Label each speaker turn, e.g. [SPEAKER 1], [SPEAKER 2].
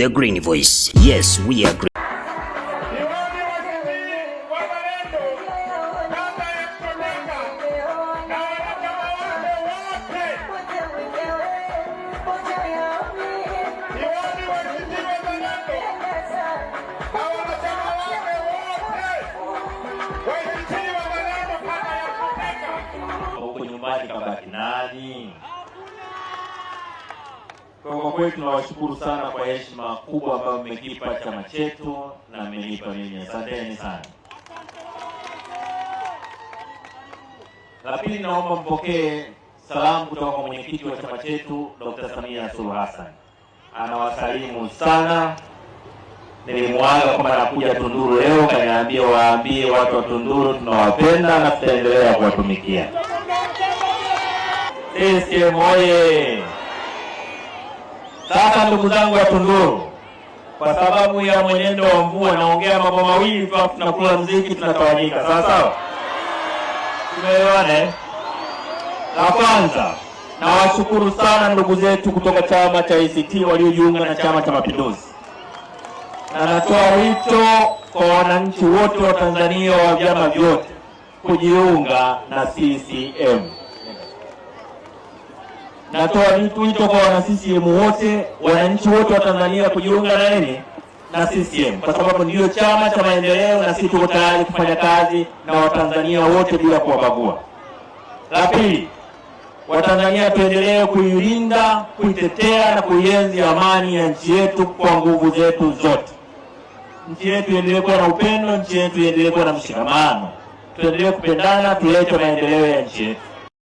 [SPEAKER 1] the Green Voice. Yes, we agree.
[SPEAKER 2] Nani? Kwa kweli tunawashukuru sana kwa heshima kubwa ambayo mmekipa chama chetu na mmenipa mimi, asanteni sana. La pili, naomba mpokee salamu kutoka kwa mwenyekiti wa chama chetu Dr. Samia Suluhu Hassan, anawasalimu sana. Nilimwaga kwamba nakuja Tunduru leo, kaniambia waambie watu wa Tunduru tunawapenda na tutaendelea kuwatumikia. CCM ndugu zangu wa Tunduru, kwa sababu ya mwenendo wa mvua, naongea mambo mawili tunakula mziki, tunatawanyika. Sawa sawa, tumeelewana eh? La kwanza, nawashukuru sana ndugu zetu kutoka chama cha ACT waliojiunga na Chama cha Mapinduzi, na natoa wito kwa wananchi wote wa Tanzania wa vyama vyote kujiunga na CCM. Natoa wito kwa wana CCM wote, wananchi wote wa Tanzania kujiunga na nini na CCM kwa sababu ndiyo chama cha maendeleo, na sisi tuko tayari kufanya kazi na Watanzania wote bila kuwabagua. La pili, Watanzania tuendelee kuilinda, kuitetea na kuienzi amani ya nchi yetu kwa nguvu zetu zote. Nchi yetu iendelee kuwa na upendo, nchi yetu iendelee kuwa na mshikamano, tuendelee kupendana, tulete maendeleo ya nchi yetu.